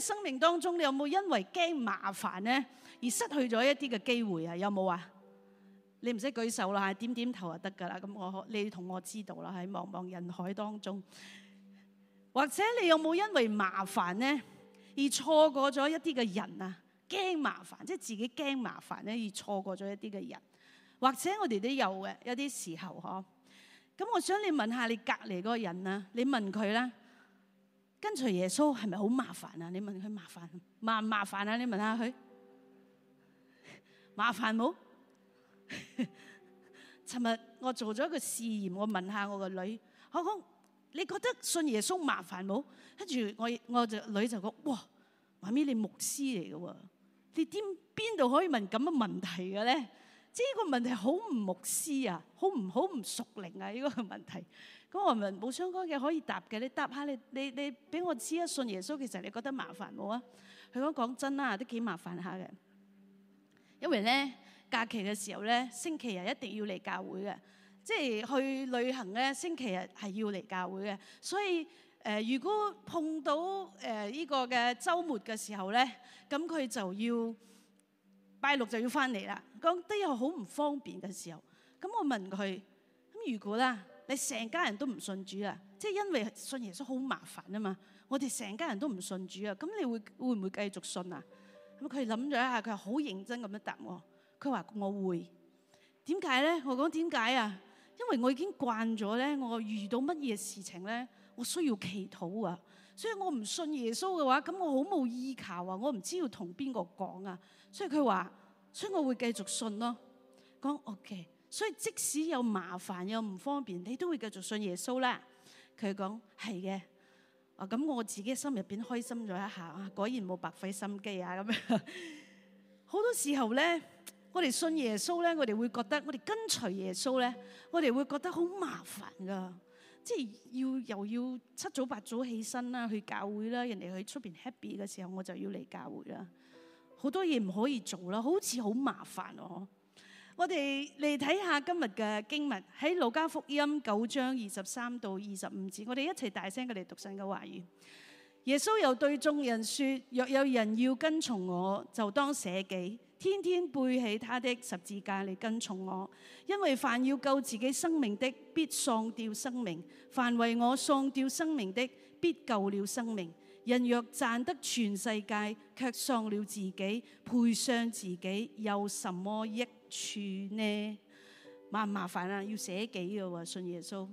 生命當中，你有冇因為驚麻煩呢而失去咗一啲嘅機會啊？有冇啊？你唔使舉手啦，點點頭就得噶啦。咁我你同我知道啦，喺茫茫人海當中，或者你有冇因為麻煩呢而錯過咗一啲嘅人啊？驚麻煩，即係自己驚麻煩呢而錯過咗一啲嘅人，或者我哋都有嘅，有啲時候嗬。咁我想你問下你隔籬嗰個人啊，你問佢啦。跟隨耶穌係咪好麻煩啊？你問佢麻煩，麻唔麻煩啊？你問下佢，麻煩冇？尋日我做咗一個試驗，我問下我個女，我講：你覺得信耶穌麻煩冇？跟住我我個女就講：哇，媽咪你牧師嚟嘅喎，你點邊度可以問咁嘅問題嘅咧？即係呢個問題好唔牧師啊，好唔好唔熟靈啊？呢個問題。我話唔冇相干嘅可以答嘅，你答下你你你俾我知一信耶穌。其實你覺得麻煩冇啊？佢講講真啦，都幾麻煩下嘅，因為咧假期嘅時候咧，星期日一定要嚟教會嘅，即係去旅行咧，星期日係要嚟教會嘅，所以誒、呃、如果碰到誒依、呃這個嘅週末嘅時候咧，咁佢就要拜六就要翻嚟啦，講得又好唔方便嘅時候，咁我問佢咁如果啦？你成家人都唔信主啊？即係因為信耶穌好麻煩啊嘛。我哋成家人都唔信主啊，咁你會會唔會繼續信啊？咁佢諗咗一下，佢好認真咁樣答我。佢話我會。點解咧？我講點解啊？因為我已經慣咗咧，我遇到乜嘢事情咧，我需要祈禱啊。所以我唔信耶穌嘅話，咁我好冇意求啊。我唔知要同邊個講啊。所以佢話，所以我會繼續信咯。講 OK。所以即使有麻煩又唔方便，你都會繼續信耶穌啦。佢講係嘅，啊咁我自己心入邊開心咗一下，果然冇白費心機啊咁樣。好多時候咧，我哋信耶穌咧，我哋會覺得我哋跟隨耶穌咧，我哋會覺得好麻煩噶，即係要又要七早八早起身啦，去教會啦，人哋去出邊 happy 嘅時候我就要嚟教會啦，好多嘢唔可以做啦，好似好麻煩喎、啊。我哋嚟睇下今日嘅經文，喺《路加福音》九章二十三到二十五節。我哋一齊大聲嘅嚟讀神嘅話語。耶穌又對眾人說：若有人要跟從我，就當捨己，天天背起他的十字架嚟跟從我。因為凡要救自己生命的，必喪掉生命；凡為我喪掉生命的，必救了生命。人若賺得全世界，卻喪了自己、賠上自己，有什麼益？處呢麻唔麻煩啊？要捨己嘅喎，信耶穌，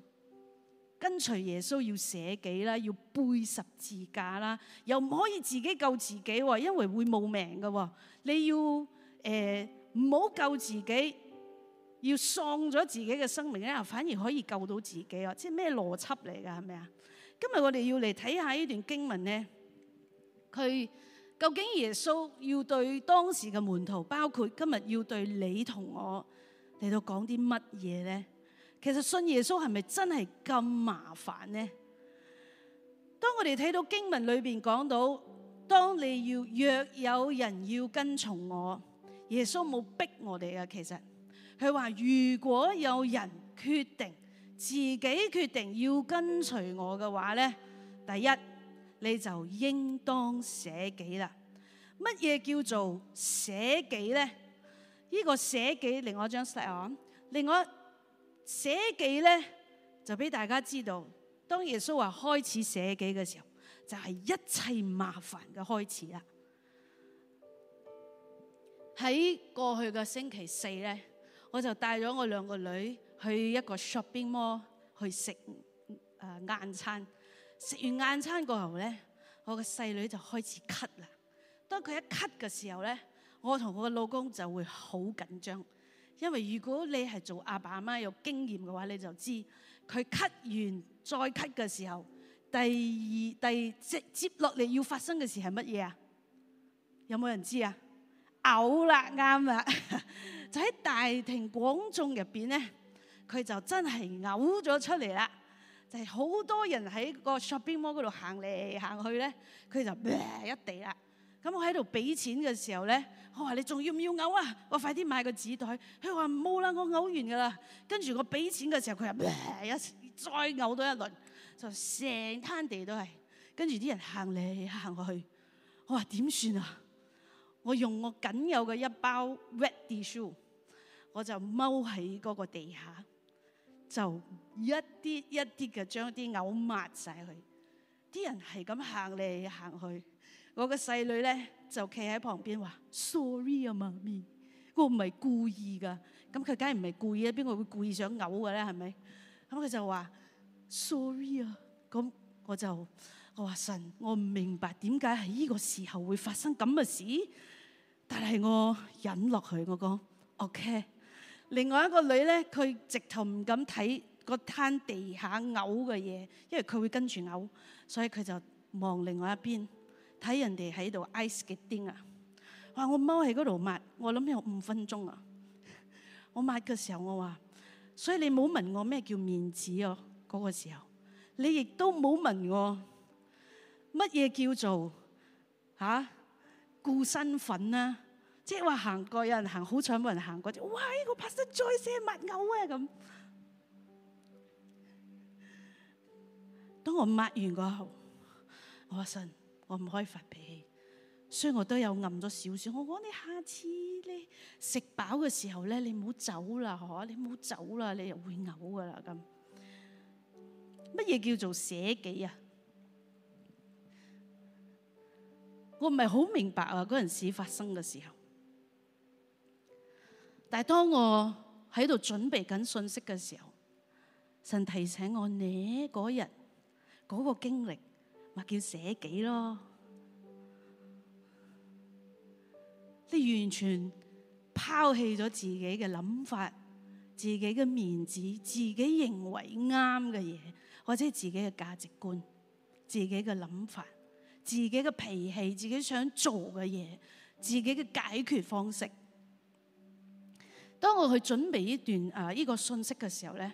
跟隨耶穌要捨己啦，要背十字架啦，又唔可以自己救自己，因為會冇命㗎。你要誒唔好救自己，要喪咗自己嘅生命咧，反而可以救到自己啊！即係咩邏輯嚟噶？係咪啊？今日我哋要嚟睇下呢段經文咧，佢。究竟耶穌要對當時嘅門徒，包括今日要對你同我嚟到講啲乜嘢呢？其實信耶穌係咪真係咁麻煩呢？當我哋睇到經文裏邊講到，當你要若有人要跟從我，耶穌冇逼我哋啊。其實佢話如果有人決定自己決定要跟隨我嘅話呢，第一。你就應當捨己啦。乜嘢叫做捨己咧？依個捨己另外一張 slide，另外捨己咧就俾大家知道。當耶穌話開始捨己嘅時候，就係一切麻煩嘅開始啦。喺過去嘅星期四咧，我就帶咗我兩個女去一個 shopping mall 去食誒晏餐。食完晏餐過後咧，我個細女就開始咳啦。當佢一咳嘅時候咧，我同我個老公就會好緊張。因為如果你係做阿爸阿媽有經驗嘅話，你就知佢咳，咳完再咳嘅時候，第二第直接落嚟要發生嘅事係乜嘢啊？有冇人知啊？嘔啦啱啦。 就喺大庭廣眾入邊咧，佢就真係嘔咗出嚟啦。但係好多人喺個 shopping mall 嗰度行嚟行去咧，佢就咩一地啦。咁我喺度俾錢嘅時候咧，我話你仲要唔要嘔啊？我快啲買個紙袋。佢話冇啦，我嘔完噶啦。跟住我俾錢嘅時候，佢又咩一地再嘔多一輪，就成灘地都係。跟住啲人行嚟行去，我話點算啊？我用我僅有嘅一包 wet tissue，我就踎喺嗰個地下。就一啲一啲嘅將啲嘔抹晒佢。啲人係咁行嚟行去，我個細女咧就企喺旁邊話：sorry 啊，媽咪，我唔係故意噶。咁佢梗係唔係故意啊？邊個會故意想嘔嘅咧？係咪？咁佢就話：sorry 啊。咁我就我話神，我唔明白點解喺呢個時候會發生咁嘅事，但係我忍落去，我講，ok。另外一個女咧，佢直頭唔敢睇個攤地下嘔嘅嘢，因為佢會跟住嘔，所以佢就望另外一邊睇人哋喺度 ice skating 啊！哇，我踎喺嗰度抹，我諗有五分鐘啊！我抹嘅時候，我話：所以你冇問我咩叫面子哦、啊，嗰、那個時候你亦都冇問我乜嘢叫做嚇、啊、顧身份啦、啊。即係話行過有人行，好彩冇人行過。哇！呢個發生再謝物嘔啊，咁。當我抹完過後，我話神，我唔可以發脾氣，所以我都有暗咗少少。我講，你下次咧，食飽嘅時候咧，你唔好走啦，嗬！你唔好走啦，你又會嘔噶啦咁。乜嘢叫做捨己啊？我唔係好明白啊！嗰陣時發生嘅時候。但當我喺度準備緊信息嘅時候，神提醒我，你嗰日嗰個經歷，咪叫捨己咯？你完全拋棄咗自己嘅諗法、自己嘅面子、自己認為啱嘅嘢，或者自己嘅價值觀、自己嘅諗法、自己嘅脾氣、自己想做嘅嘢、自己嘅解決方式。當我去準備呢段啊，呢個信息嘅時候咧，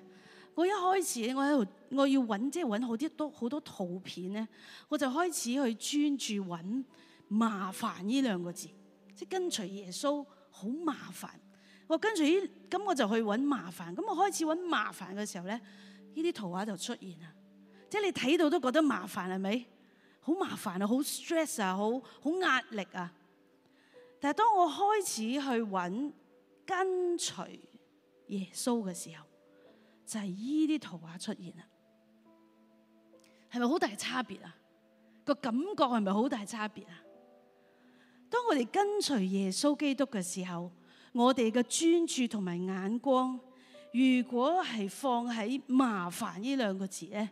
我一開始我喺度我要揾即係好啲多好多圖片咧，我就開始去專注揾麻煩呢兩個字，即係跟隨耶穌好麻煩。我跟隨呢，咁我就去揾麻煩，咁我開始揾麻煩嘅時候咧，呢啲圖畫就出現啦。即係你睇到都覺得麻煩係咪？好麻煩啊，好 stress 啊，好好壓力啊。但係當我開始去揾。跟隨耶穌嘅時候，就係呢啲圖畫出現啦，係咪好大差別啊？個感覺係咪好大差別啊？當我哋跟隨耶穌基督嘅時候，我哋嘅專注同埋眼光，如果係放喺麻煩呢兩個字咧，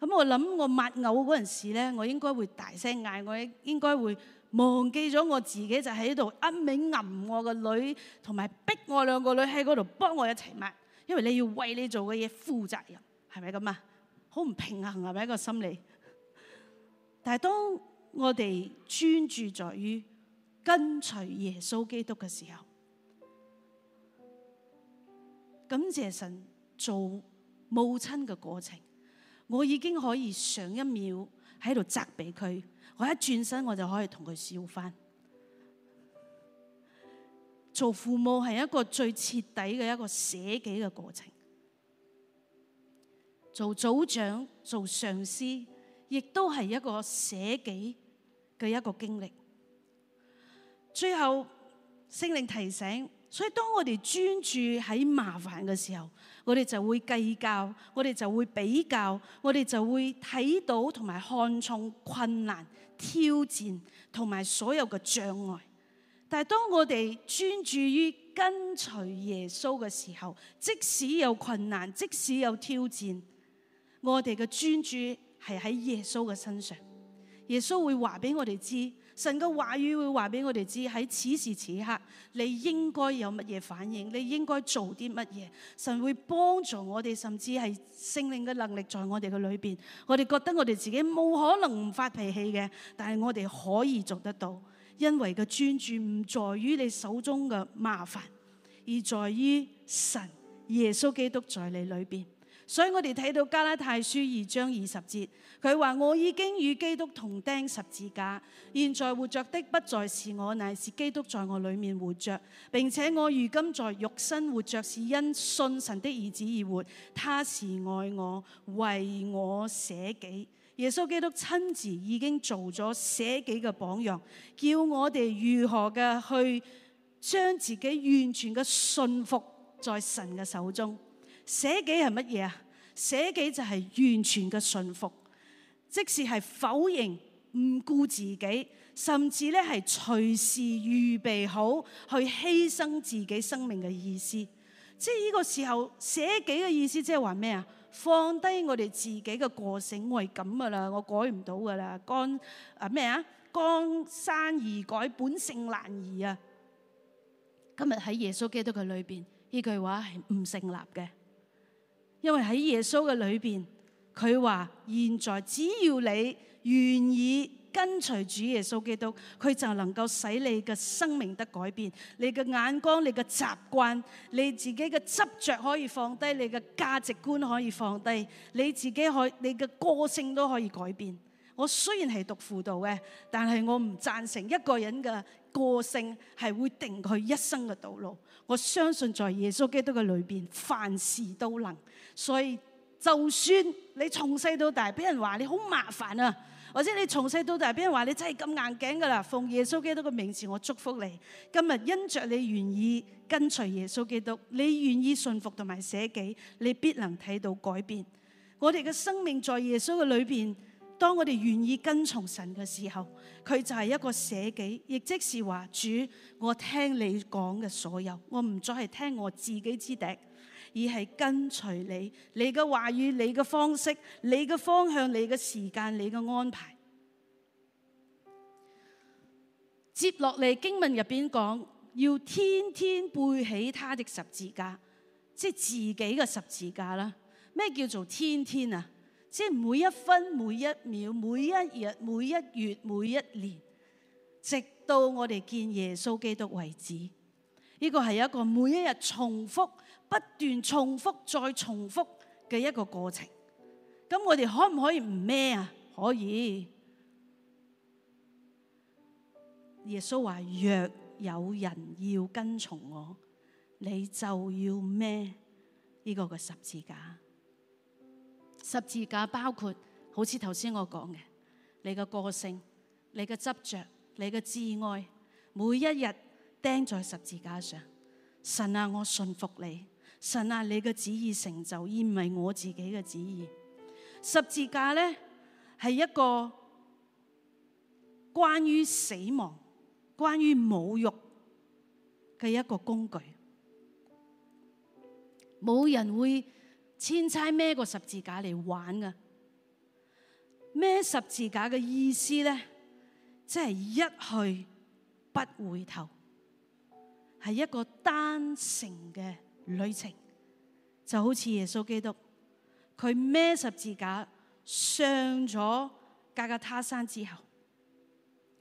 咁我諗我抹嘔嗰陣時咧，我應該會大聲嗌，我應該會。忘記咗我自己，就喺度一味吟我個女，同埋逼我兩個女喺嗰度幫我一齊抹，因為你要為你做嘅嘢負責任，係咪咁啊？好唔平衡係咪一個心理？但係當我哋專注在於跟隨耶穌基督嘅時候，感謝神做母親嘅過程，我已經可以上一秒喺度責備佢。我一轉身，我就可以同佢笑返。做父母係一個最徹底嘅一個捨己嘅過程。做組長、做上司，亦都係一個捨己嘅一個經歷。最後聖靈提醒。所以，當我哋專注喺麻煩嘅時候，我哋就會計較，我哋就會比較，我哋就會睇到同埋看重困難、挑戰同埋所有嘅障礙。但係，當我哋專注於跟隨耶穌嘅時候，即使有困難，即使有挑戰，我哋嘅專注係喺耶穌嘅身上。耶穌會話俾我哋知。神嘅話語會話俾我哋知，喺此時此刻，你應該有乜嘢反應，你應該做啲乜嘢。神會幫助我哋，甚至係聖靈嘅能力在我哋嘅裏邊。我哋覺得我哋自己冇可能唔發脾氣嘅，但係我哋可以做得到，因為嘅專注唔在於你手中嘅麻煩，而在於神，耶穌基督在你裏邊。所以我哋睇到加拉太書二章二十節，佢話我已經與基督同釘十字架，現在活着的不再是我，乃是基督在我裏面活着，並且我如今在肉身活着是因信神的兒子而活，他是愛我，為我捨己。耶穌基督親自已經做咗捨己嘅榜樣，叫我哋如何嘅去將自己完全嘅信服在神嘅手中。捨己係乜嘢啊？捨己就係完全嘅順服，即使係否認、唔顧自己，甚至咧係隨時預備好去犧牲自己生命嘅意思。即係呢個時候，捨己嘅意思即係話咩啊？放低我哋自己嘅個性，我係咁噶啦，我改唔到噶啦，江啊咩啊，江山易改，本性難移啊！今日喺耶穌基督佢裏邊，呢句話係唔成立嘅。因為喺耶穌嘅裏面，佢話現在只要你願意跟隨主耶穌基督，佢就能夠使你嘅生命得改變，你嘅眼光、你嘅習慣、你自己嘅執着可以放低，你嘅價值觀可以放低，你自己可你嘅個性都可以改變。我雖然係讀輔導嘅，但係我唔贊成一個人的個性係會定佢一生嘅道路，我相信在耶穌基督嘅裏邊，凡事都能。所以就算你從細到大俾人話你好麻煩啊，或者你從細到大俾人話你真係咁硬頸㗎喇，奉耶穌基督嘅名字，我祝福你。今日因着你願意跟隨耶穌基督，你願意信服同埋捨己，你必能睇到改變。我哋嘅生命在耶穌嘅裏邊。當我哋願意跟從神嘅時候，佢就係一個捨己，亦即是話主，我聽你講嘅所有，我唔再係聽我自己支笛，而係跟隨你，你嘅話語、你嘅方式、你嘅方向、你嘅時間、你嘅安排。接落嚟經文入邊講，要天天背起他的十字架，即係自己嘅十字架啦。咩叫做天天啊？即係每一分、每一秒、每一日、每一月、每一年，直到我哋見耶穌基督為止，呢個係一個每一日重複、不斷重複、再重複嘅一個過程。咁我哋可唔可以唔孭啊？可以。耶穌話：若有人要跟從我，你就要孭呢個個十字架。十字架包括好似頭先我講嘅，你嘅個性、你嘅執着、你嘅摯愛，每一日釘在十字架上。神啊，我信服你。神啊，你嘅旨意成就，而唔係我自己嘅旨意。十字架咧，係一個關於死亡、關於侮辱嘅一個工具。冇人會。千差孭個十字架嚟玩噶，孭十字架嘅意思咧，即係一去不回頭，係一個單程嘅旅程。就好似耶穌基督，佢孭十字架上咗各各他山之後，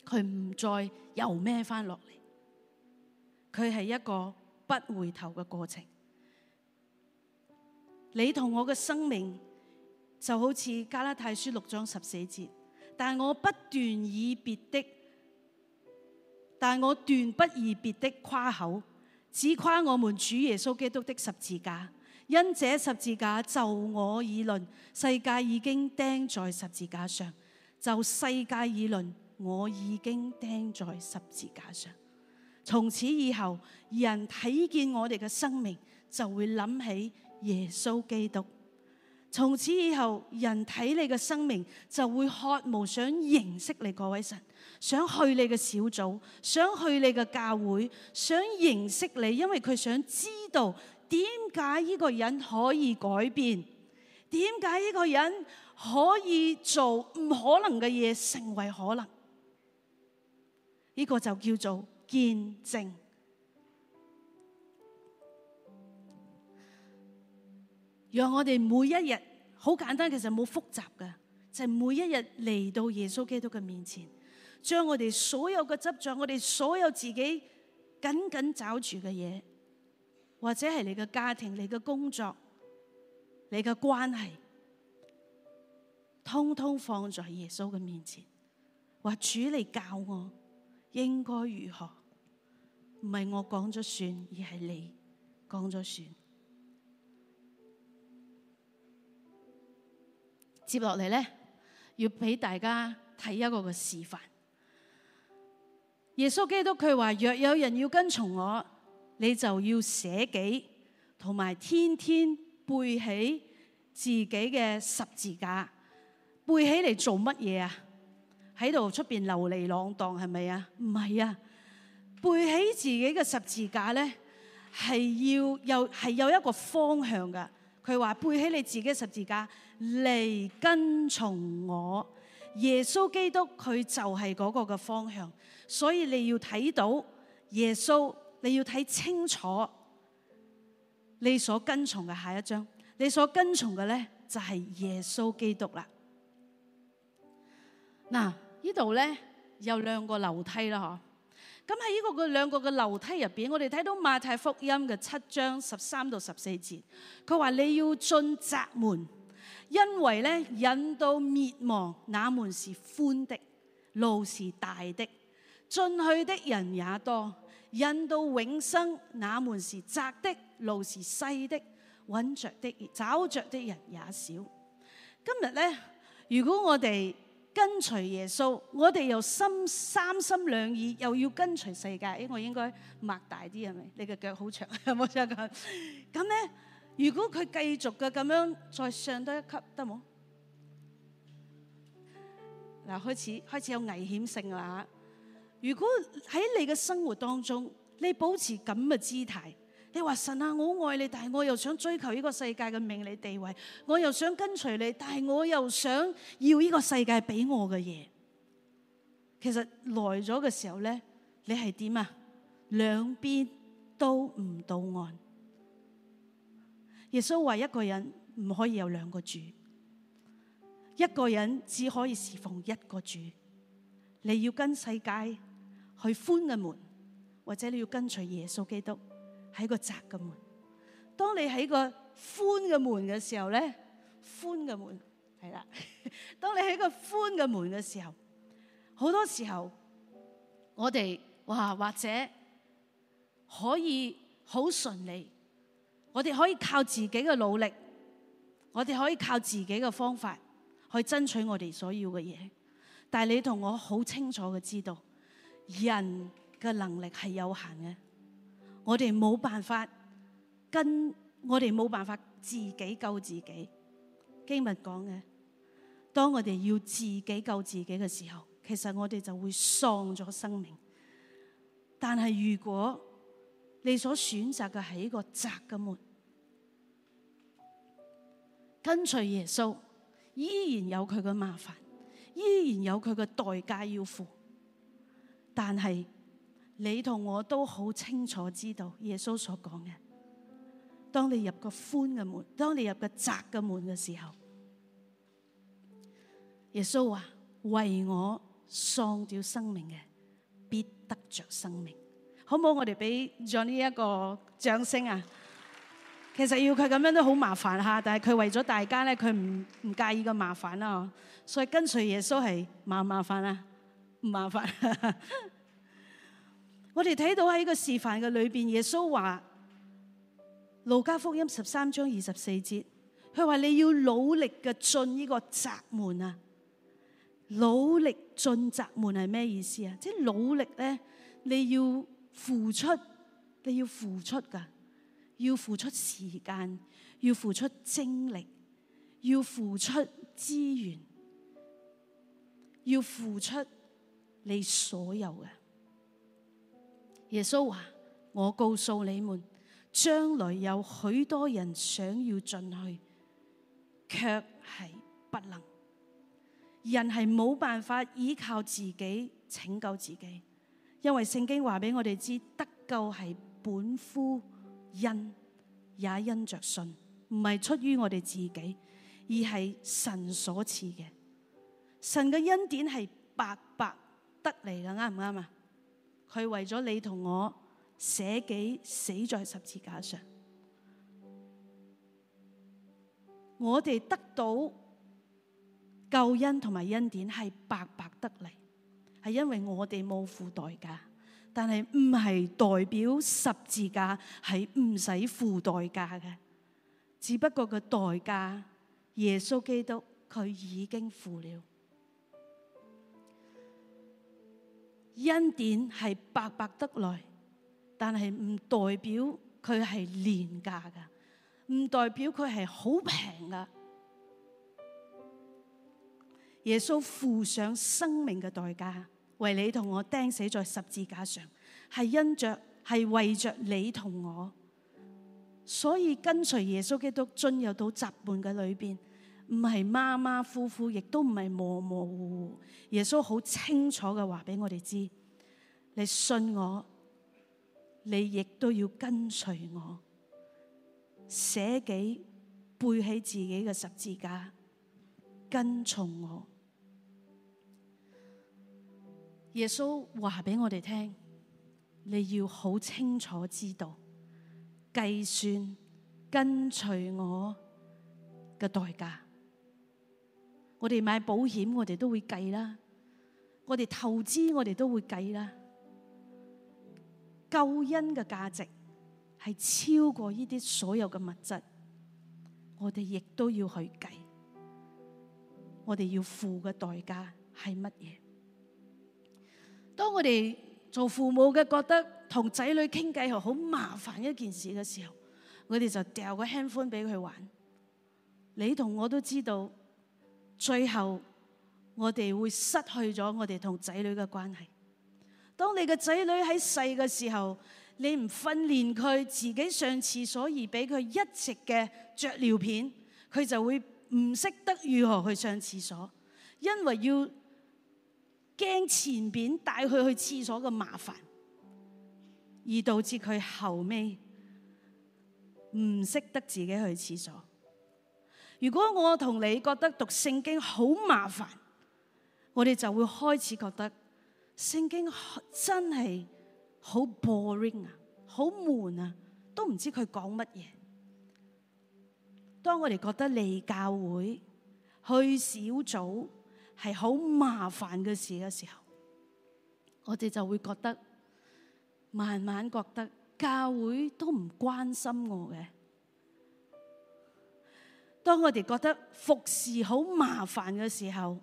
佢唔再又孭翻落嚟，佢係一個不回頭嘅過程。你同我嘅生命就好似加拉太書六章十四節，但我不斷以別的，但我斷不以別的誇口，只誇我們主耶穌基督的十字架。因這十字架就我而論，世界已經釘在十字架上；就世界而論，我已經釘在十字架上。從此以後，人睇見我哋嘅生命，就會諗起。耶穌基督，從此以後人睇你嘅生命就會渴望想認識你，各位神想去你嘅小組，想去你嘅教會，想認識你，因為佢想知道點解呢個人可以改變，點解呢個人可以做唔可能嘅嘢成為可能？呢個就叫做見證。讓我哋每一日好簡單，其實冇複雜嘅，就係、是、每一日嚟到耶穌基督嘅面前，將我哋所有嘅執著，我哋所有自己緊緊抓住嘅嘢，或者係你嘅家庭、你嘅工作、你嘅關係，通通放在耶穌嘅面前，話主嚟教我應該如何，唔係我講咗算，而係你講咗算。接落嚟咧，要俾大家睇一個示範。耶穌基督佢話：若有人要跟從我，你就要捨己，同埋天天背起自己嘅十字架。背起嚟做乜嘢啊？喺度出邊流離浪蕩係咪啊？唔係啊！背起自己嘅十字架咧，係要有，係有一個方向噶。佢話背起你自己嘅十字架。嚟跟從我，耶穌基督佢就係嗰個嘅方向，所以你要睇到耶穌，你要睇清楚你所跟從嘅下一章，你所跟從嘅咧就係耶穌基督啦。嗱，呢度咧有兩個樓梯啦，吓，咁喺呢個嘅兩個嘅樓梯入邊，我哋睇到馬太福音嘅七章十三到十四節，佢話你要進窄門。因為咧，引到滅亡那門是寬的，路是大的，進去的人也多；引到永生那門是窄的，路是細的，搵着的，找着的人也少。今日咧，如果我哋跟隨耶穌，我哋又三三心兩意，又要跟隨世界。誒，我應該擘大啲係咪？你個腳好長，冇錯噶。咁咧。如果佢繼續嘅咁樣再上多一級得冇？嗱，開始，開始有危險性啦。如果喺你嘅生活當中，你保持咁嘅姿態，你話神啊，我愛你，但係我又想追求呢個世界嘅名利地位，我又想跟隨你，但係我又想要呢個世界俾我嘅嘢。其實來咗嘅時候咧，你係點啊？兩邊都唔到岸。耶穌話：一個人唔可以有兩個主，一個人只可以侍奉一個主。你要跟世界去寬嘅門，或者你要跟隨耶穌基督喺個窄嘅門。當你喺個寬嘅門嘅時候咧，寬嘅門係啦。當你喺個寬嘅門嘅時候，好多時候我哋哇，或者可以好順利。我哋可以靠自己嘅努力，我哋可以靠自己嘅方法去爭取我哋所要嘅嘢。但你同我好清楚嘅知道，人嘅能力係有限嘅。我哋冇辦法跟，我哋冇辦法自己救自己。經文講嘅，當我哋要自己救自己嘅時候，其實我哋就會喪咗生命。但係如果，你所選擇嘅係一個窄嘅門，跟隨耶穌依然有佢嘅麻煩，依然有佢嘅代價要付。但係你同我都好清楚知道，耶穌所講嘅，當你入個寬嘅門，當你入個窄嘅門嘅時候，耶穌話：為我喪掉生命嘅，必得着生命。好唔好？我哋俾咗呢一個掌聲啊！其實要佢咁樣都好麻煩下，但係佢為咗大家咧，佢唔唔介意個麻煩啊。所以跟隨耶穌係麻唔麻煩啊？唔麻煩。 我哋睇到喺個示範嘅裏面，耶穌話《路加福音》十三章二十四節，佢話你要努力嘅進呢個窄門啊！努力進窄門係咩意思啊？即係努力咧，你要。付出，你要付出噶，要付出時間，要付出精力，要付出資源，要付出你所有的。耶穌話：我告訴你們，將來有許多人想要進去，卻係不能。人係冇辦法依靠自己，拯救自己。因為聖經話俾我哋知，得救係本乎恩，也因着信，唔係出於我哋自己，而係神所賜嘅。神嘅恩典係白白得嚟嘅，啱唔啱啊？佢為咗你同我捨己死在十字架上，我哋得到救恩同埋恩典係白白得嚟。係因為我哋冇付代價，但係唔係代表十字架係唔使付代價嘅，只不過個代價耶穌基督佢已經付了。恩典係白白得來，但係唔代表佢係廉價噶，唔代表佢係好平噶。耶穌付上生命嘅代價，為你同我釘死在十字架上，係因着，係為着你同我，所以跟隨耶穌基督進入到雜亂嘅裏邊，唔係馬馬虎虎，亦都唔係模模糊糊。耶穌好清楚嘅話俾我哋知，你信我，你亦都要跟隨我，捨己背起自己嘅十字架，跟從我。耶穌話俾我哋聽，你要好清楚知道，計算跟隨我嘅代價。我哋買保險，我哋都會計啦；我哋投資，我哋都會計啦。救恩嘅價值係超過呢啲所有嘅物質，我哋亦都要去計。我哋要付嘅代價係乜嘢？當我哋做父母嘅覺得同仔女傾偈係好麻煩一件事嘅時候，我哋就掉個手機俾佢玩。你同我都知道，最後我哋會失去咗我哋同仔女嘅關係。當你嘅仔女喺細嘅時候，你唔訓練佢自己上廁所而俾佢一直嘅着尿片，佢就會唔識得如何去上廁所，因為要驚前邊帶佢去廁所嘅麻煩，而導致佢後尾唔識得自己去廁所。如果我同你覺得讀聖經好麻煩，我哋就會開始覺得聖經真係好 boring 啊，好悶啊，都唔知佢講乜嘢。當我哋覺得嚟教會去小組，係好麻煩嘅事嘅時候，我哋就會覺得慢慢覺得教會都唔關心我嘅。當我哋覺得服侍好麻煩嘅時候，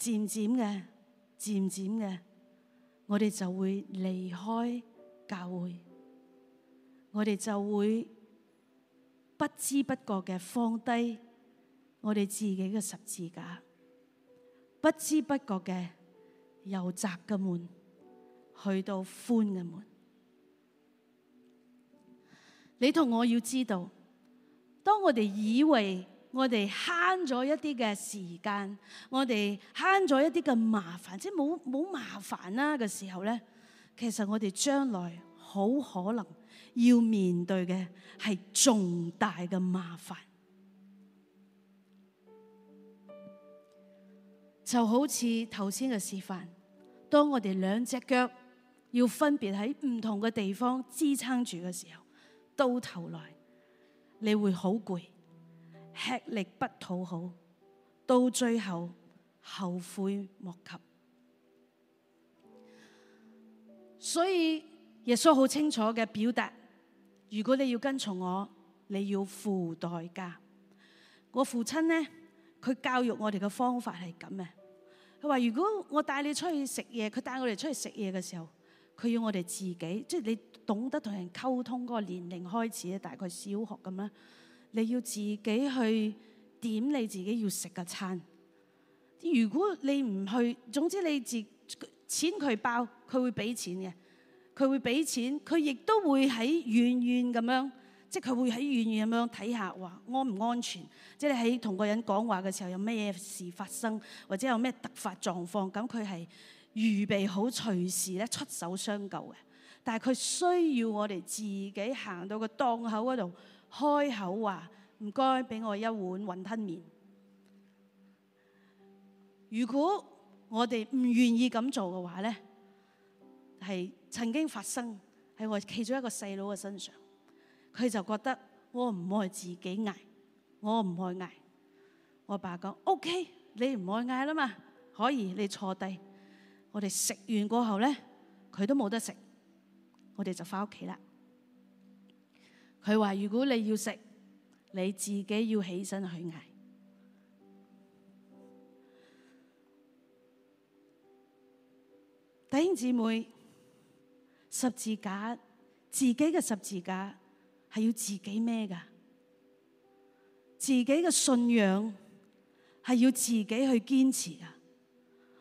漸漸嘅，漸漸嘅，我哋就會離開教會，我哋就會不知不覺嘅放低我哋自己嘅十字架。不知不覺嘅由窄嘅門去到寬嘅門，你同我要知道，當我哋以為我哋慳咗一啲嘅時間，我哋慳咗一啲嘅麻煩，即係冇冇麻煩啦嘅時候咧，其實我哋將來好可能要面對嘅係重大嘅麻煩。就好似頭先嘅示範，當我哋兩隻腳要分別喺唔同嘅地方支撐住嘅時候，到頭來你會好攰，吃力不討好，到最後後悔莫及。所以耶穌好清楚嘅表達：如果你要跟從我，你要付代價。我父親呢，佢教育我哋嘅方法係咁嘅。佢話：如果我帶你出去食嘢，佢帶我哋出去食嘢嘅時候，佢要我哋自己，即係你懂得同人溝通嗰個年齡開始咧，大概小學咁啦，你要自己去點你自己要食嘅餐。如果你唔去，總之你自錢佢包，佢會俾錢嘅，佢會俾錢，佢亦都會喺遠遠咁樣。即係佢會喺遠遠咁樣睇下，話安唔安全？即係你喺同個人講話嘅時候，有咩事發生，或者有咩突發狀況，咁佢係預備好隨時咧出手相救嘅。但係佢需要我哋自己行到個檔口嗰度開口話，唔該俾我一碗雲吞麵。如果我哋唔願意咁做嘅話咧，係曾經發生喺我其中一個細佬嘅身上。佢就覺得我唔愛自己捱，我唔愛捱。我爸講：O.K. 你唔愛捱啦嘛，可以你坐低。我哋食完過後呢，佢都冇得食。我哋就返屋企啦。佢話：如果你要食，你自己要起身去捱。弟兄姊妹，十字架，自己嘅十字架。係要自己咩噶？自己嘅信仰係要自己去堅持噶。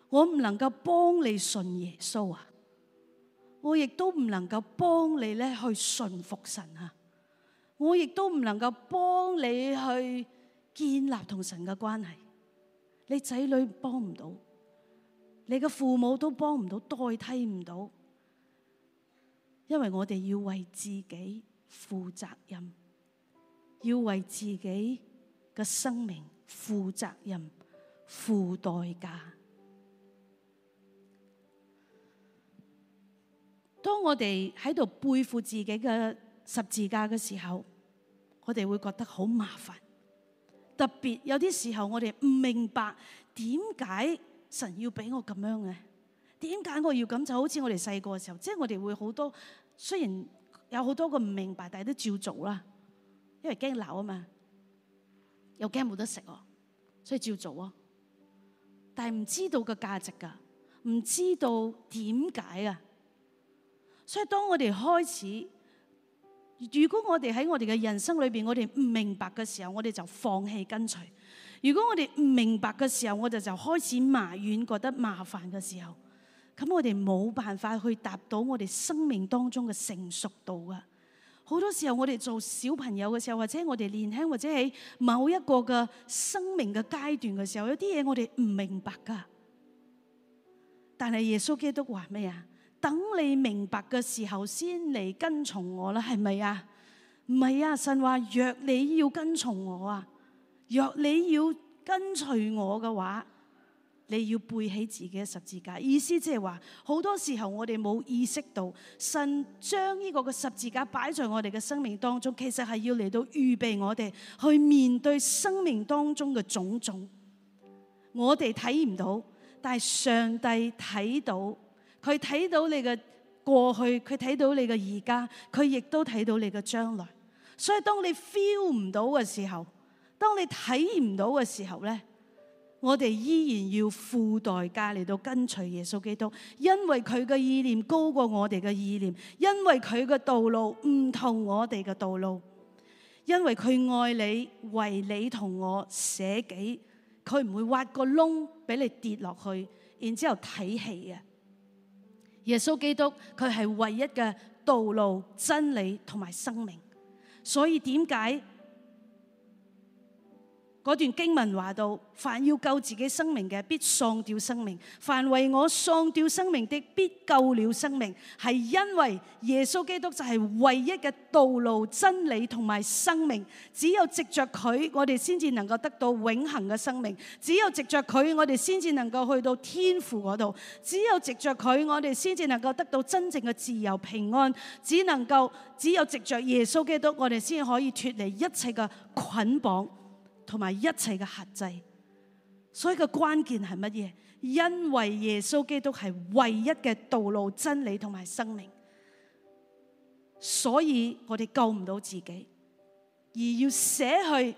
我唔能夠幫你信耶穌啊！我亦都唔能夠幫你咧去信服神啊！我亦都唔能夠幫你去建立同神嘅關係。你仔女幫唔到，你嘅父母都幫唔到，代替唔到，因為我哋要為自己。負責任，要為自己嘅生命負責任，付代價。當我哋喺度背負自己嘅十字架嘅時候，我哋會覺得好麻煩。特別有啲時候，我哋唔明白點解神要俾我咁樣嘅，點解我要咁？就好似我哋細個嘅時候，即係我哋會好多雖然。有好多個唔明白，但係都照做啦，因為驚鬧啊嘛，又驚冇得食喎，所以照做啊。但係唔知道個價值噶，唔知道點解啊。所以當我哋開始，如果我哋喺我哋嘅人生裏邊，我哋唔明白嘅時候，我哋就放棄跟隨；如果我哋唔明白嘅時候，我哋就開始埋怨，覺得麻煩嘅時候。咁我哋冇辦法去達到我哋生命當中嘅成熟度啊！好多時候我哋做小朋友嘅時候，或者我哋年輕，或者喺某一個嘅生命嘅階段嘅時候，有啲嘢我哋唔明白噶。但係耶穌基督話咩啊？等你明白嘅時候先嚟跟從我啦，係咪啊？唔係啊！神話，若你要跟從我啊，若你要跟隨我嘅話。你要背起自己嘅十字架，意思即係話，好多時候我哋冇意識到神將呢個嘅十字架擺在我哋嘅生命當中，其實係要嚟到預備我哋去面對生命當中嘅種種。我哋睇唔到，但係上帝睇到，佢睇到你嘅過去，佢睇到你嘅而家，佢亦都睇到你嘅將來。所以當你 feel 唔到嘅時候，當你體驗唔到嘅時候咧，我哋依然要付代價嚟到跟隨耶穌基督，因為佢嘅意念高過我哋嘅意念，因為佢嘅道路唔同我哋嘅道路，因為佢愛你，為你同我捨己，佢唔會挖個窿俾你跌落去，然之後睇戲啊。耶穌基督佢係唯一嘅道路、真理同埋生命，所以點解？嗰段經文話到：「凡要救自己生命嘅，必喪掉生命；凡為我喪掉生命的，必救了生命。」係因為耶穌基督就係唯一嘅道路、真理同埋生命。只有藉着佢，我哋先至能夠得到永恆嘅生命；只有藉着佢，我哋先至能夠去到天父嗰度；只有藉着佢，我哋先至能夠得到真正嘅自由平安。只能夠只有藉着耶穌基督，我哋先可以脫離一切嘅捆綁。同埋一切嘅轄制，所以個關鍵係乜嘢？因為耶穌基督係唯一嘅道路、真理同埋生命，所以我哋救唔到自己，而要捨去，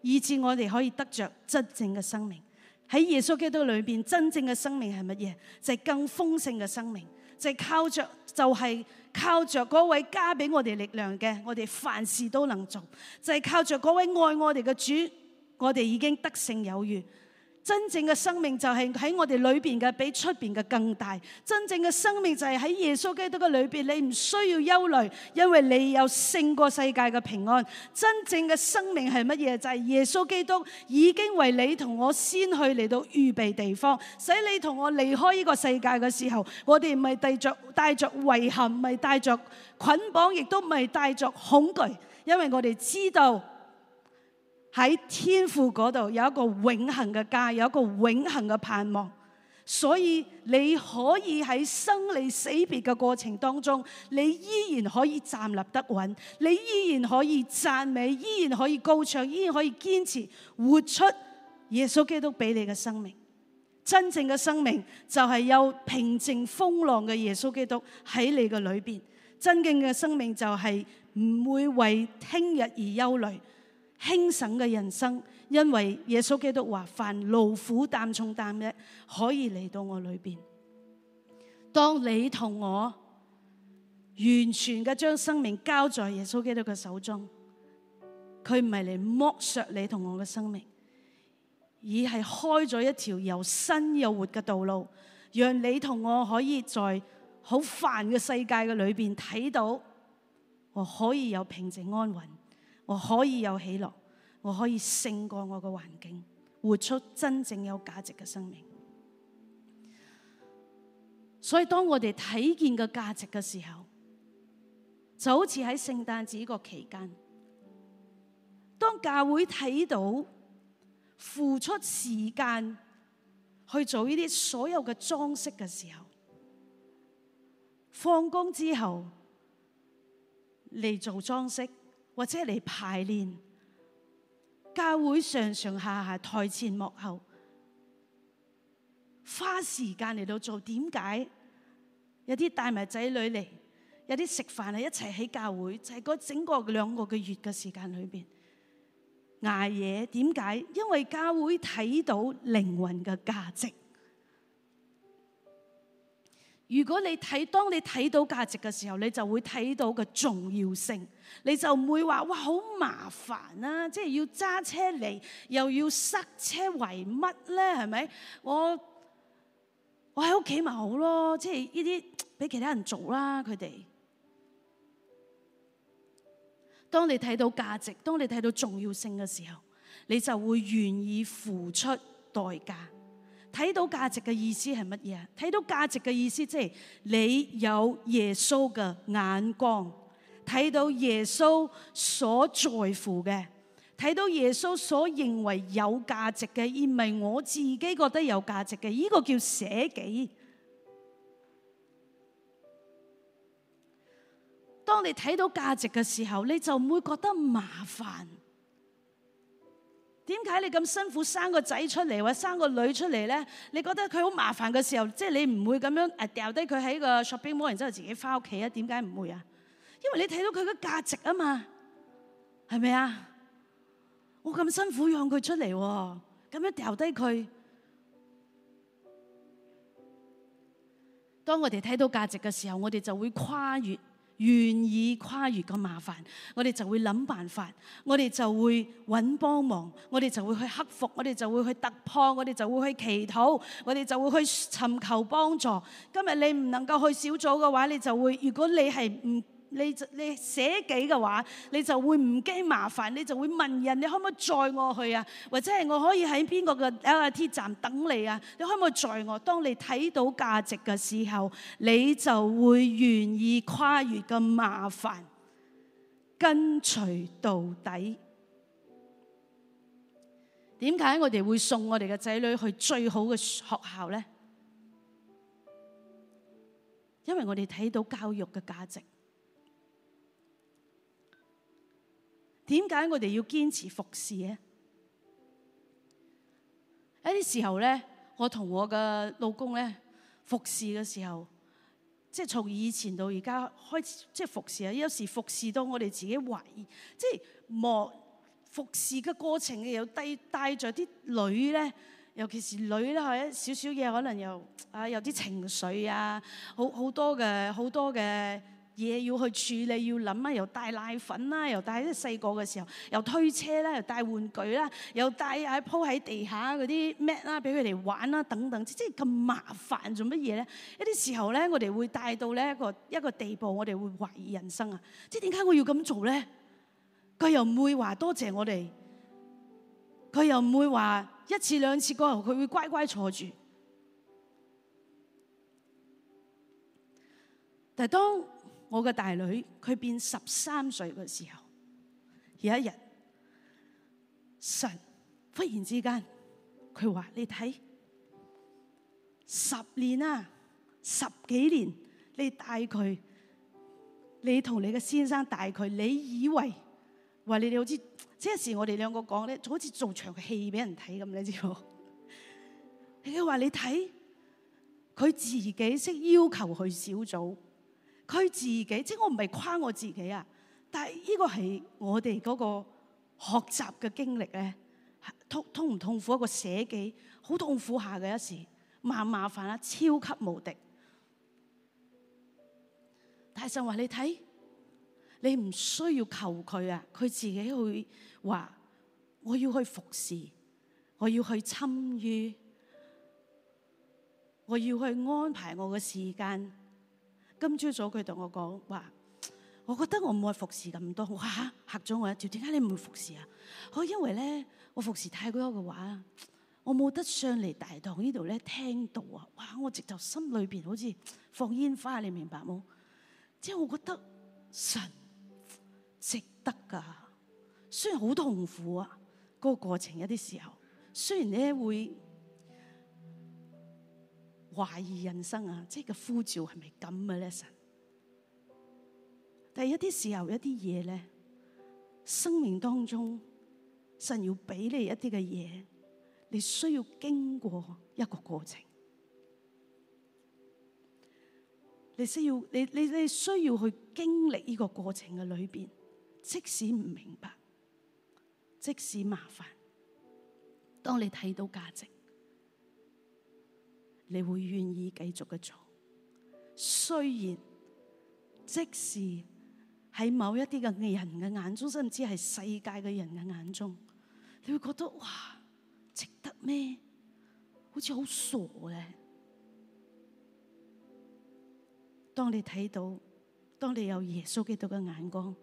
以致我哋可以得着真正嘅生命。喺耶穌基督裏邊，真正嘅生命係乜嘢？就係更豐盛嘅生命，就係靠着就係靠着嗰位加俾我哋力量嘅，我哋凡事都能做，就係靠着嗰位愛我哋嘅主。我哋已經得勝有餘，真正嘅生命就係喺我哋裏邊嘅，比出邊嘅更大。真正嘅生命就係喺耶穌基督嘅裏邊，你唔需要憂慮，因為你有勝過世界嘅平安。真正嘅生命係乜嘢？就係耶穌基督已經為你同我先去嚟到預備地方，使你同我離開呢個世界嘅時候，我哋唔係帶着帶着遺憾，唔係帶着捆綁，亦都唔係帶着恐懼，因為我哋知道。喺天父嗰度有一個永恆嘅家，有一個永恆嘅盼望。所以你可以喺生離死別嘅過程當中，你依然可以站立得穩，你依然可以讚美，依然可以高唱，依然可以堅持活出耶穌基督畀你嘅生命。真正嘅生命就係有平靜風浪嘅耶穌基督喺你嘅裏邊。真正嘅生命就係唔會為聽日而憂慮。輕省嘅人生，因為耶穌基督話：凡勞苦擔重擔嘅，可以嚟到我裏邊。當你同我完全嘅將生命交在耶穌基督嘅手中，佢唔係嚟剝削你同我嘅生命，而係開咗一條又新又活嘅道路，讓你同我可以在好煩嘅世界嘅裏邊睇到，我可以有平靜安穩。我可以有喜樂，我可以勝過我嘅環境，活出真正有價值嘅生命。所以當我哋睇見個價值嘅時候，就好似喺聖誕節呢個期間，當教會睇到付出時間去做呢啲所有嘅裝飾嘅時候，放工之後嚟做裝飾。或者嚟排練，教會上上下下台前幕後，花時間嚟到做，點解？有啲帶埋仔女嚟，有啲食飯係一齊喺教會，就係嗰整個兩個月嘅時間裏邊挨嘢。點解？因為教會睇到靈魂嘅價值。如果你睇，當你睇到價值嘅時候，你就會睇到個重要性，你就唔會話哇好麻煩啊！即係要揸車嚟又要塞車為乜咧？係咪？我我喺屋企咪好咯，即係呢啲俾其他人做啦，佢哋。當你睇到價值，當你睇到重要性嘅時候，你就會願意付出代價。睇到價值嘅意思係乜嘢？睇到價值嘅意思即係你有耶穌嘅眼光，睇到耶穌所在乎嘅，睇到耶穌所認為有價值嘅，而唔係我自己覺得有價值嘅。呢個叫捨己。當你睇到價值嘅時候，你就唔會覺得麻煩。點解你咁辛苦生個仔出嚟或者生個女出嚟咧？你覺得佢好麻煩嘅時候，即係你唔會咁樣誒掉低佢喺個 shopping mall，然之後自己返屋企啊？點解唔會啊？因為你睇到佢嘅價值啊嘛，係咪啊？我咁辛苦讓佢出嚟喎，咁樣掉低佢。當我哋睇到價值嘅時候，我哋就會跨越。願意跨越個麻煩，我哋就會諗辦法，我哋就會揾幫忙，我哋就會去克服，我哋就會去突破，我哋就會去祈禱，我哋就會去尋求幫助。今日你唔能夠去小組嘅話，你就會，如果你係唔你你寫幾嘅話，你就會唔驚麻煩，你就會問人，你可唔可以載我去啊？或者係我可以喺邊個嘅 LRT 站等你啊？你可唔可以載我？當你睇到價值嘅時候，你就會願意跨越咁麻煩，跟隨到底。點解我哋會送我哋嘅仔女去最好嘅學校呢？因為我哋睇到教育嘅價值。點解我哋要堅持服侍咧？一啲時候咧，我同我嘅老公咧服侍嘅時候，即係從以前到而家開始，即係服侍啊！有時服侍到我哋自己懷疑，即係莫服侍嘅過程又帶，又低帶着啲女咧，尤其是女咧，係一少少嘢可能又啊有啲情緒啊，好好多嘅，好多嘅。嘢要去處理要諗啊，又帶奶粉啦，又帶啲細個嘅時候，又推車啦，又帶玩具啦，又帶喺鋪喺地下嗰啲咩啦，俾佢哋玩啦，等等，即係咁麻煩做乜嘢咧？一啲時候咧，我哋會帶到呢一個一個地步，我哋會懷疑人生啊！即係點解我要咁做咧？佢又唔會話多謝我哋，佢又唔會話一次兩次過後，佢會乖乖坐住。但係當我嘅大女，佢變十三歲嘅時候，有一日，神忽然之間，佢話：你睇，十年啊，十幾年，你帶佢，你同你嘅先生帶佢，你以為？話你哋好似，即係我哋兩個講咧，就好似做場戲俾人睇咁，你知冇？佢話：你睇，佢自己識要求去小組。佢自己即係我唔係誇我自己啊，但係呢個係我哋嗰個學習嘅經歷咧，痛痛唔痛苦一個寫記，好痛苦下嘅一時，麻麻煩啦，超級無敵！大神話你睇，你唔需要求佢啊，佢自己去話我要去服侍，我要去參與，我要去安排我嘅時間。今朝早佢同我講話，我覺得我唔會服侍咁多，哇，嚇嚇咗我一跳，點解你唔會服侍啊？我、啊、因為咧，我服侍太多嘅話，我冇得上嚟大堂呢度咧聽到啊！哇，我直頭心裏邊好似放煙花，你明白冇？即係我覺得神值得㗎，雖然好痛苦啊，嗰個過程有啲時候，雖然咧會。懷疑人生啊！即係個呼召係咪咁嘅咧？神，但係一啲時候一啲嘢咧，生命當中，神要俾你一啲嘅嘢，你需要經過一個過程，你需要你你你需要去經歷呢個過程嘅裏面，即使唔明白，即使麻煩，當你睇到價值。你會願意繼續嘅做，雖然即使喺某一啲嘅人嘅眼中，甚至係世界嘅人嘅眼中，你會覺得哇，值得咩？好似好傻嘅啊。當你睇到，當你有耶穌基督嘅眼光，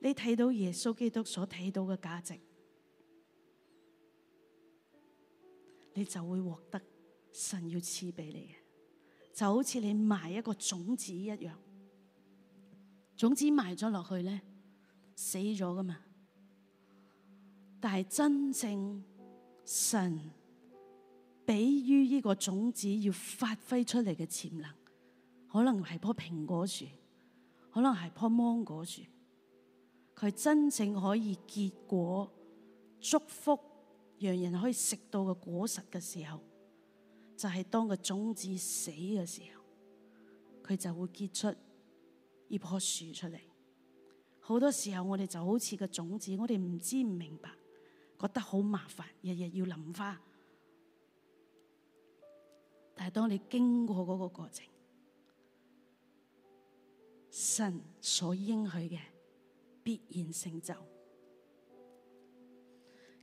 你睇到耶穌基督所睇到嘅價值，你就會獲得。神要賜俾你嘅，就好似你埋一個種子一樣，種子埋咗落去咧，死咗噶嘛。但係真正神俾於呢個種子要發揮出嚟嘅潛能，可能係棵蘋果樹，可能係棵芒果樹，佢真正可以結果、祝福，讓人可以食到嘅果實嘅時候。就係當個種子死嘅時候，佢就會結出一棵樹出嚟。好多時候我哋就好似個種子，我哋唔知唔明白，覺得好麻煩，日日要淋花。但係當你經過嗰個過程，神所應許嘅必然成就。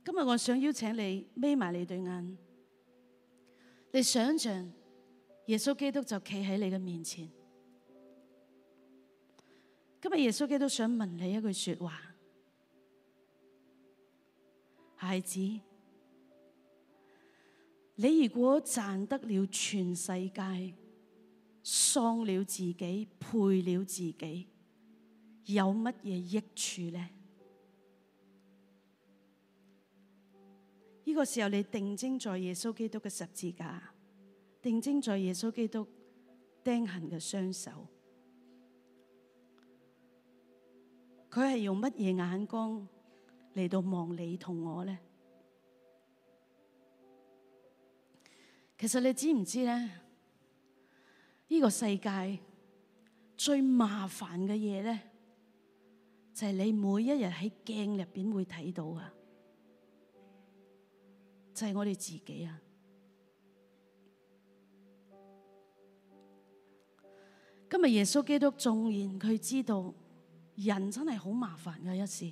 今日我想邀請你，眯埋你對眼。你想像耶穌基督就企喺你嘅面前，今日耶穌基督想問你一句說話，孩子，你如果賺得了全世界，喪了自己，賠了自己，有乜嘢益處呢？」呢、這個時候你定睛在耶穌基督嘅十字架，定睛在耶穌基督釘痕嘅雙手，佢係用乜嘢眼光嚟到望你同我咧？其實你知唔知咧？呢、這個世界最麻煩嘅嘢咧，就係、是、你每一日喺鏡入邊會睇到啊！就係、是、我哋自己啊！今日耶穌基督縱然佢知道人真係好麻煩嘅，一次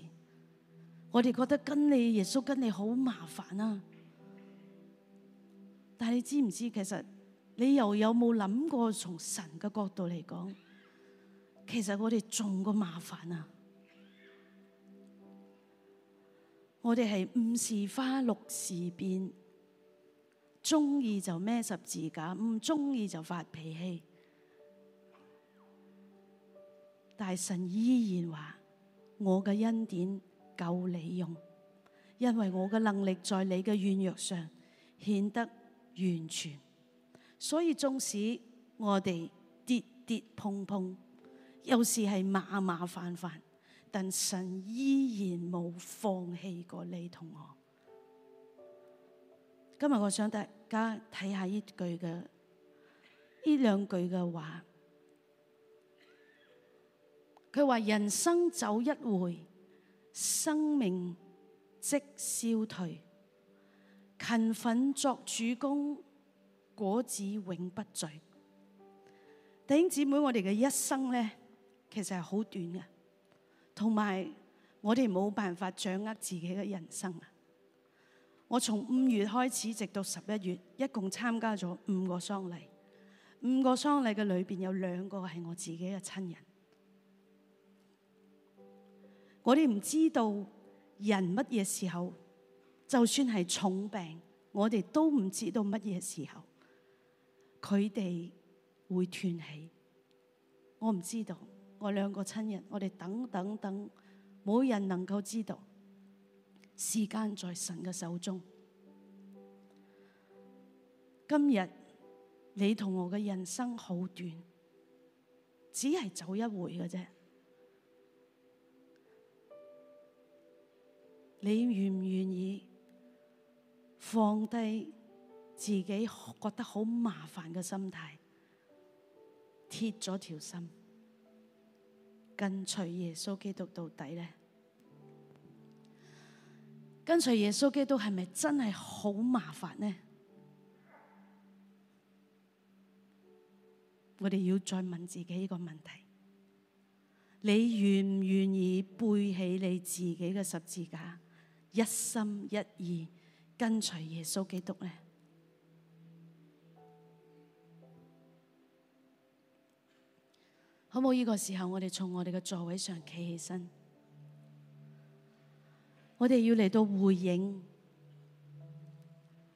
我哋覺得跟你耶穌跟你好麻煩啊，但係你知唔知其實你又有冇諗過從神嘅角度嚟講，其實我哋仲過麻煩啊！我哋係五時花六時變，鍾意就孭十字架，唔鍾意就發脾氣。大神依然話：我嘅恩典夠你用，因為我嘅能力在你嘅軟弱上顯得完全。所以縱使我哋跌跌碰碰，有時係麻麻煩煩。但神依然冇放棄過你同我。今日我想大家睇下呢句嘅呢兩句嘅話，佢話，人生走一回，生命即消退；勤奮作主工，果子永不墜。弟兄姊妹，我哋嘅一生咧，其實係好短嘅。同埋，我哋冇辦法掌握自己嘅人生啊！我從五月開始，直到十一月，一共參加咗五個喪禮。五個喪禮嘅裏邊有兩個係我自己嘅親人。我哋唔知道人乜嘢時候，就算係重病，我哋都唔知道乜嘢時候佢哋會斷氣。我唔知道。我兩個親人，我哋等等等，冇人能夠知道。時間在神嘅手中。今日你同我嘅人生好短，只係走一回嘅啫。你願唔願意放低自己覺得好麻煩嘅心態，貼咗條心？跟隨耶穌基督到底呢？跟隨耶穌基督係咪真係好麻煩呢？我哋要再問自己一個問題：你願唔願意背起你自己嘅十字架，一心一意跟隨耶穌基督呢？好冇，呢個時候，我哋從我哋嘅座位上企起身，我哋要嚟到回應。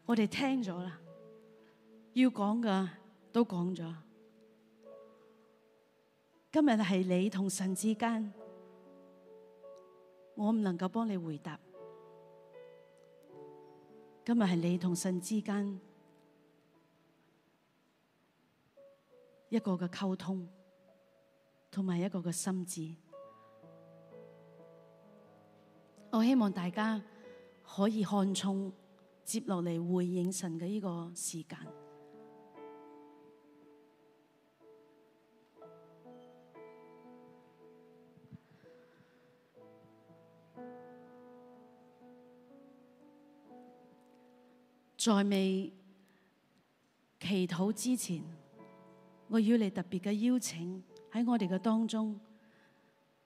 我哋聽咗啦，要講嘅都講咗。今日係你同神之間，我唔能夠幫你回答。今日係你同神之間一個嘅溝通。同埋一個個心智，我希望大家可以看重接落嚟回應神嘅呢個時間。在未祈禱之前，我要你特別嘅邀請。喺我哋嘅當中，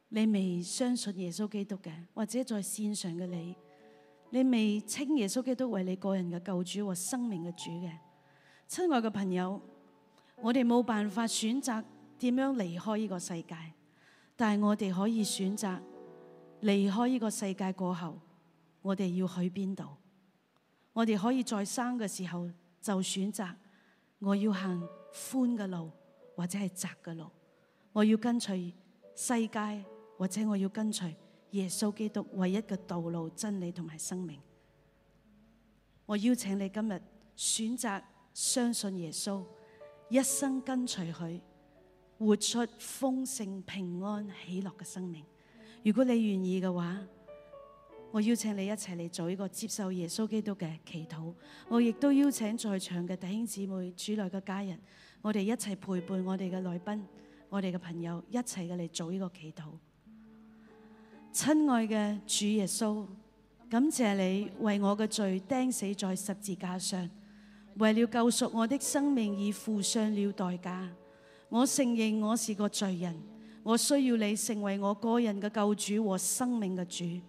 你未相信耶穌基督嘅，或者在綫上嘅你，你未稱耶穌基督為你個人嘅救主和生命嘅主嘅，親愛嘅朋友，我哋冇辦法選擇點樣離開呢個世界，但係我哋可以選擇離開呢個世界過後，我哋要去邊度？我哋可以在生嘅時候就選擇我要行寬嘅路，或者係窄嘅路。我要跟隨世界，或者我要跟隨耶穌基督，唯一嘅道路、真理同埋生命。我邀請你今日選擇相信耶穌，一生跟隨佢，活出豐盛、平安、喜樂嘅生命。如果你願意嘅話，我邀請你一齊嚟做一個接受耶穌基督嘅祈禱。我亦都邀請在場嘅弟兄姊妹、主內嘅家人，我哋一齊陪伴我哋嘅來賓。我哋嘅朋友一齊嘅嚟做呢個祈禱。親愛嘅主耶穌，感謝你為我嘅罪釘死在十字架上，為了救贖我的生命而付上了代價。我承認我是個罪人，我需要你成為我個人嘅救主和生命嘅主，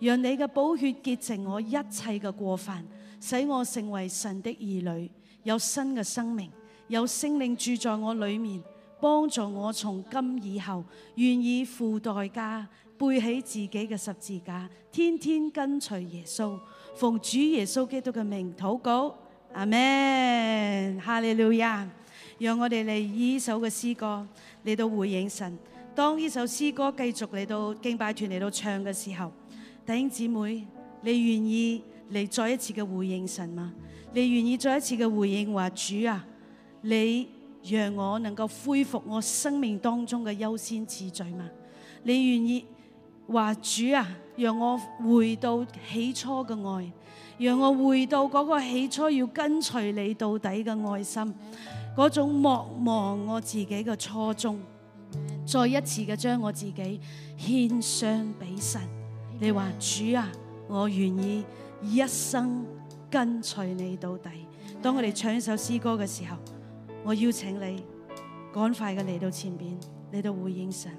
讓你嘅寶血潔淨我一切嘅過犯，使我成為神的兒女，有新嘅生命，有聖靈住在我裏面。幫助我從今以後願意付代價背起自己嘅十字架，天天跟隨耶穌，奉主耶穌基督嘅名禱告，阿門，哈利路亞。讓我哋嚟呢首嘅詩歌嚟到回應神。當呢首詩歌繼續嚟到敬拜團嚟到唱嘅時候，弟兄姊妹，你願意嚟再一次嘅回應神嗎？你願意再一次嘅回應話主啊，你？讓我能夠恢復我生命當中嘅優先次序嗎？你願意話主啊，讓我回到起初嘅愛，讓我回到嗰個起初要跟隨你到底嘅愛心，嗰種莫忘我自己嘅初衷，Amen. 再一次嘅將我自己獻上畀神。Amen. 你話主啊，我願意一生跟隨你到底。Amen. 當我哋唱一首詩歌嘅時候。我邀請你，趕快嘅嚟到前邊，嚟到回應上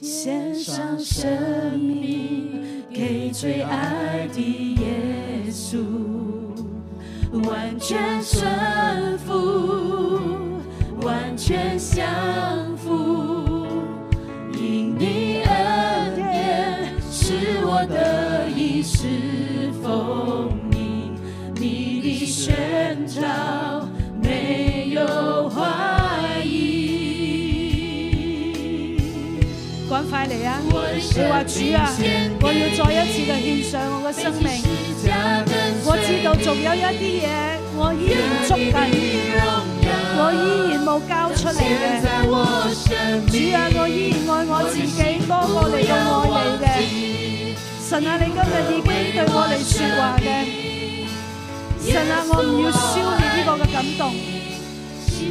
先上神明。獻上生命給最愛的耶穌，完全順服，完全降服，因你恩典是我的衣食豐盈，你的宣召趕快嚟啊！你話主啊，我要再一次嘅獻上我嘅生命。我知道仲有一啲嘢我依然捉緊，我依然冇交出嚟嘅。主啊，我依然愛我自己，多過嚟用愛你嘅。神啊，你今日已經對我哋說話嘅。神啊，我唔要消滅呢個嘅感動。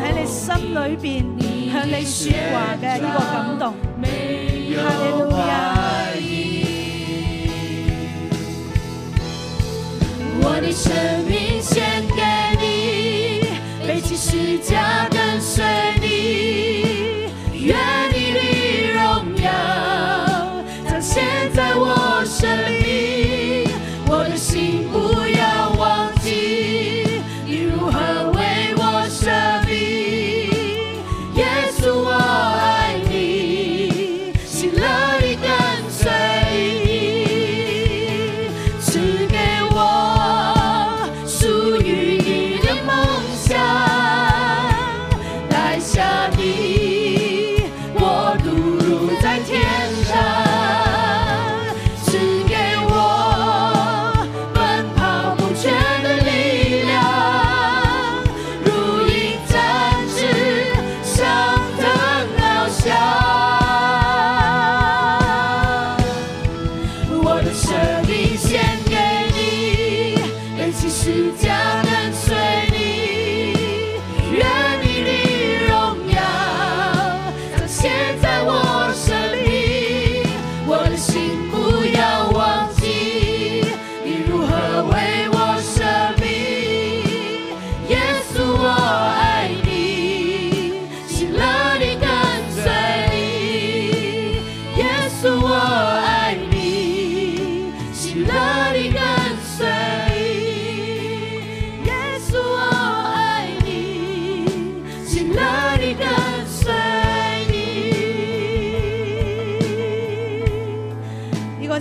喺你心裏邊向你說話嘅呢個感動，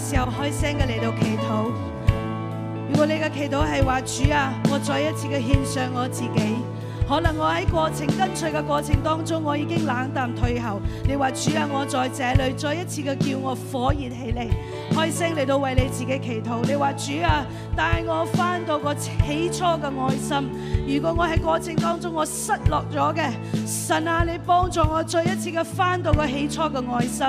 時候開聲嘅嚟到祈禱。如果你嘅祈禱係話，主啊，我再一次嘅獻上我自己。可能我喺過程跟隨嘅過程當中，我已經冷淡退後。你話主啊，我在這裏再一次嘅叫我火熱起嚟，開聲嚟到為你自己祈禱。你話主啊，帶我翻到個起初嘅愛心。如果我喺過程當中我失落咗嘅，神啊，你幫助我再一次嘅翻到個起初嘅愛心。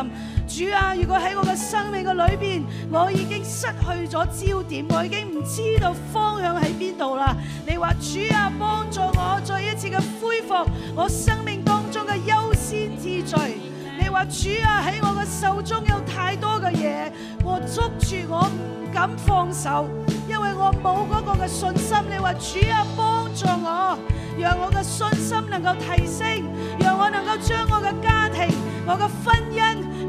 主啊，如果喺我嘅生命嘅裏邊，我已經失去咗焦點，我已經唔知道方向喺邊度啦。你話主啊，幫助我再一次嘅恢復我生命當中嘅優先次序。你話主啊，喺我嘅手中有太多嘅嘢，我捉住我唔敢放手，因為我冇個嘅信心。你話主啊，幫助我，讓我嘅信心能夠提升，讓我能夠將我嘅家庭、我嘅婚姻。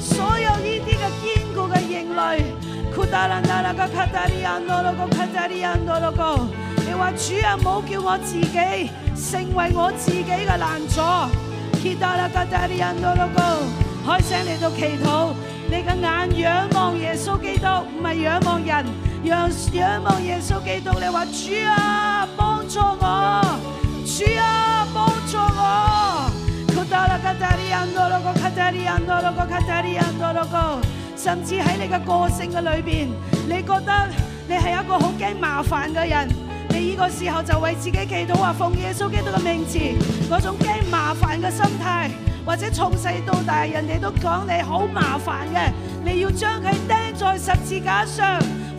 所有呢啲嘅堅固嘅營壘，你話主啊，唔好叫我自己成為我自己嘅攔阻。開聲嚟到祈禱，你嘅眼仰望耶穌基督，唔係仰望人，仰仰望耶穌基督。你話主啊，幫助我，主啊，幫助我。啊甚至喺你嘅個性嘅裏邊，你覺得你係一個好驚麻煩嘅人，你呢個時候就為自己祈禱啊，奉耶穌基督嘅名字，嗰種驚麻煩嘅心態，或者從細到大人哋都講你好麻煩嘅，你要將佢釘在十字架上。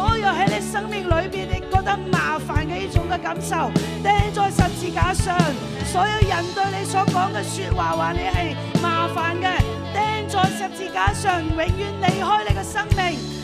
所有喺你生命裏邊，你覺得麻煩嘅呢種嘅感受，釘在十字架上；所有人對你所講嘅說話，話你係麻煩嘅，釘在十字架上，永遠離開你嘅生命。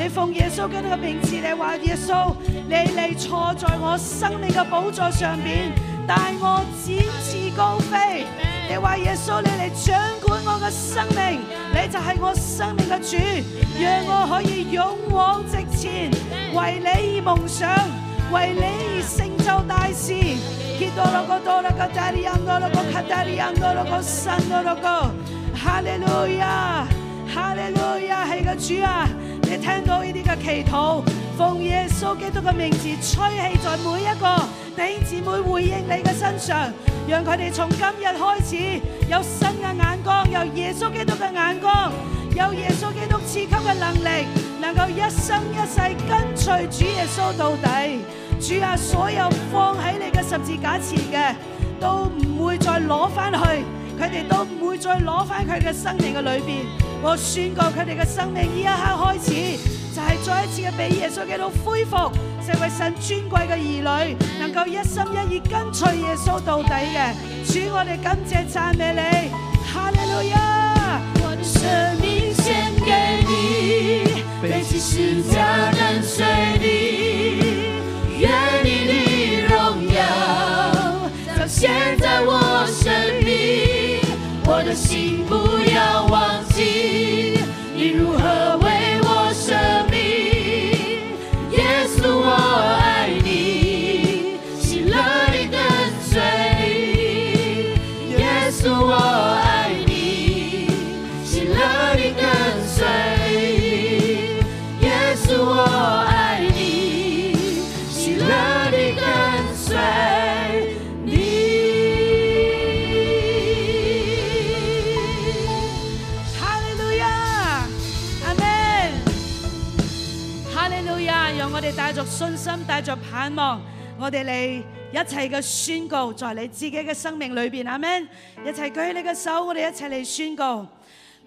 你奉耶穌嘅呢個名字，你話耶穌，你嚟坐在我生命嘅寶座上邊，帶我展翅高飛。你話耶穌，你嚟掌管我嘅生命，你就係我生命嘅主，讓我可以勇往直前，為你而夢想，為你而成就大事。哈利路亞，哈利路亞，係個主啊！你聽到呢啲嘅祈禱，奉耶穌基督嘅名字吹氣在每一個你姊妹回應你嘅身上，讓佢哋從今日開始有新嘅眼光，由耶穌基督嘅眼光，有耶穌基，基督賜給嘅能力，能夠一生一世跟隨主耶穌到底。主啊，所有放喺你嘅十字架前嘅，都唔會再攞翻去。佢哋都唔會再攞翻佢嘅生命嘅裏邊，我宣告佢哋嘅生命呢一刻開始，就係再一次嘅俾耶穌基督恢復成為神尊貴嘅兒女，能夠一心一意跟隨耶穌到底嘅。主，我哋感謝讚美你，哈利路亞。我的心，不要忘記，你如何？繼續盼望，我哋嚟一齊嘅宣告，在你自己嘅生命裏邊，a n 一齊舉起你嘅手，我哋一齊嚟宣告。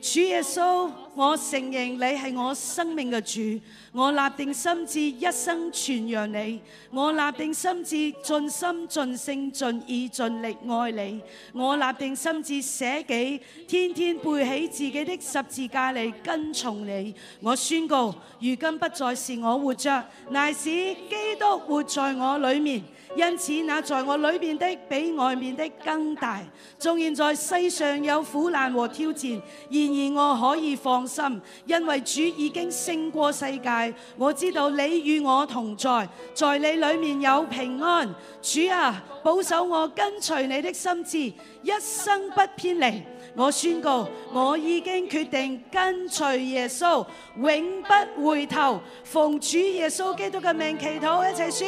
主耶穌，我承認你是我生命嘅主，我立定心志一生傳揚你；我立定心志盡心盡性盡意盡力愛你；我立定心志捨己天天背起自己的十字架嚟跟從你。我宣告，如今不再是我活着，乃是基督活在我裏面。因此，那在我裏面的比外面的更大。縱然在世上有苦難和挑戰，然而我可以放心，因為主已經勝過世界。我知道你與我同在，在你裏面有平安。主啊，保守我，跟隨你的心智，一生不偏離。我宣告，我已經決定跟隨耶穌，永不回頭。奉主耶穌基督嘅名，祈禱，一齊說。